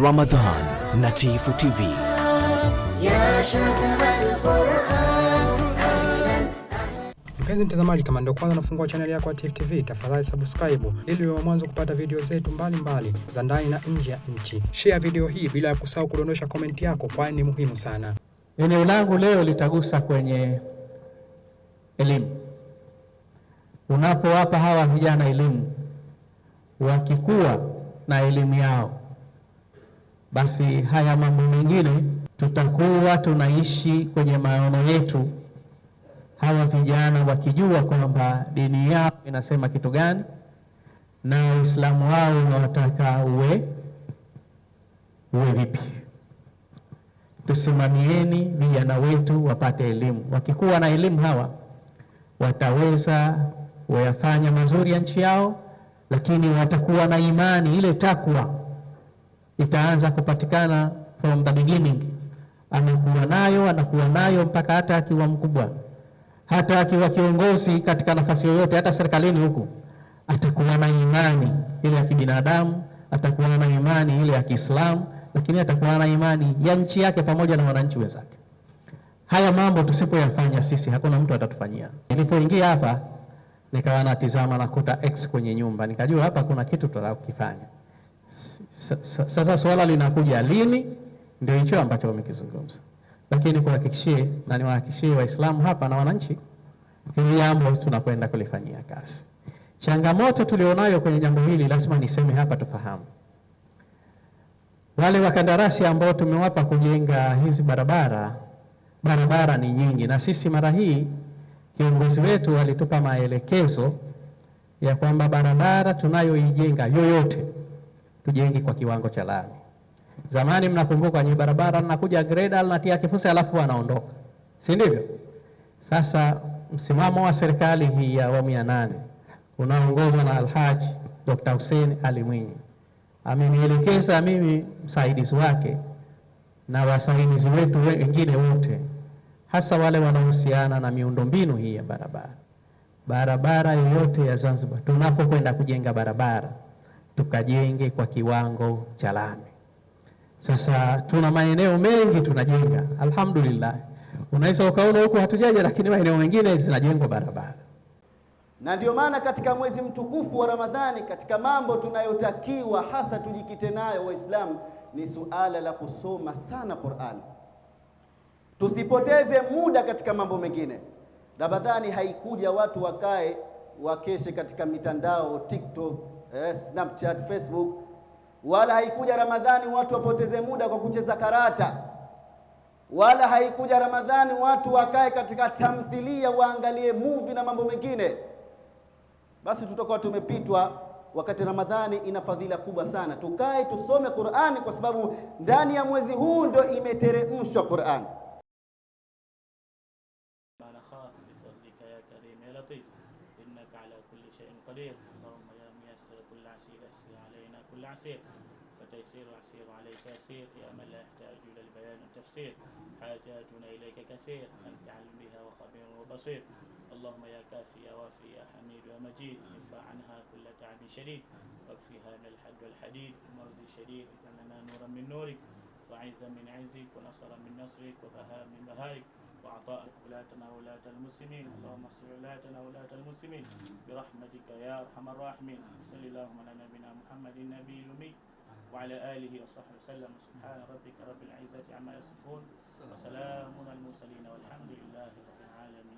Ramadan na Tifu TV. Mpenzi mtazamaji, kama ndio kwanza nafungua chaneli yako ya Tifu TV, tafadhali subscribe ili uwe mwanzo kupata video zetu mbalimbali za ndani na nje ya nchi. Share video hii bila ya kusahau kudondosha komenti yako, kwani ni muhimu sana. Eneo langu leo litagusa kwenye elimu. Unapowapa hawa vijana elimu, wakikuwa na elimu yao basi haya mambo mengine tutakuwa tunaishi kwenye maono yetu, hawa vijana wakijua kwamba dini yao inasema kitu gani na Uislamu wao unawataka uwe uwe vipi. Tusimamieni vijana wetu wapate elimu. Wakikuwa na elimu hawa wataweza wayafanya mazuri ya nchi yao, lakini watakuwa na imani ile takwa itaanza kupatikana from the beginning, anakuwa nayo anakuwa nayo mpaka hata akiwa mkubwa, hata akiwa kiongozi katika nafasi yoyote, hata serikalini huku, atakuwa na imani ile ya kibinadamu, atakuwa na imani ile ya Kiislamu, lakini atakuwa na imani ya nchi yake pamoja na wananchi wenzake. Haya mambo tusipoyafanya sisi, hakuna mtu atatufanyia. Nilipoingia hapa nikawa natizama nakuta X kwenye nyumba, nikajua hapa kuna kitu tunakifanya. Sasa swala linakuja lini, ndio hicho ambacho wamekizungumza, lakini kuhakikishie na niwahakikishie Waislamu hapa na wananchi, hili jambo tunakwenda kulifanyia kazi. Changamoto tulionayo kwenye jambo hili, lazima niseme hapa, tufahamu wale wakandarasi ambao tumewapa kujenga hizi barabara, barabara ni nyingi, na sisi mara hii kiongozi wetu alitupa maelekezo ya kwamba barabara tunayoijenga yoyote tujenge kwa kiwango cha lami. Zamani mnakumbuka kwenye barabara nakuja greda natia kifusi alafu anaondoka, si ndivyo? Sasa msimamo wa serikali hii ya awamu ya nane unaongozwa na Alhaji Dr. Hussein Ali Mwinyi amenielekeza mimi msaidizi wake na wasaidizi wetu wengine wote, hasa wale wanaohusiana na miundombinu hii ya barabara. Barabara yoyote ya Zanzibar, tunapokwenda kujenga barabara tukajenge kwa kiwango cha lami. Sasa tuna maeneo mengi tunajenga, alhamdulillah. Unaweza ukaona huku hatujaja, lakini maeneo mengine zinajengwa barabara. Na ndio maana katika mwezi mtukufu wa Ramadhani, katika mambo tunayotakiwa hasa tujikite nayo Waislamu ni suala la kusoma sana Qur'an. Tusipoteze muda katika mambo mengine. Ramadhani haikuja watu wakae wakeshe katika mitandao TikTok eh, Snapchat, Facebook, wala haikuja Ramadhani watu wapoteze muda kwa kucheza karata, wala haikuja Ramadhani watu wakae katika tamthilia waangalie movie na mambo mengine, basi tutakuwa tumepitwa wakati. Ramadhani ina fadhila kubwa sana, tukae tusome Qur'ani kwa sababu ndani ya mwezi huu ndio imeteremshwa Qur'ani. تيسر كل عسير أسر علينا كل عسير فتيسير عسير عليك يسير يا من لا يحتاج إلى البيان والتفسير حاجاتنا إليك كثير أنت علم بها وخبير وبصير اللهم يا كافي يا وافي يا حميد يا مجيد ارفع عنها كل تعب شديد واكفيها من الحد والحديد مرضي شديد اجعلنا نورا من نورك وعزا من عزك ونصرا من نصرك وبهاء من بهائك وعطاء ولاتنا ولاة المسلمين اللهم اصل ولاتنا ولاة المسلمين برحمتك يا أرحم الراحمين صل اللهم على نبينا محمد النبي الأمي وعلى آله وصحبه وسلم سبحان ربك رب العزة عما يصفون وسلام على المرسلين والحمد لله رب العالمين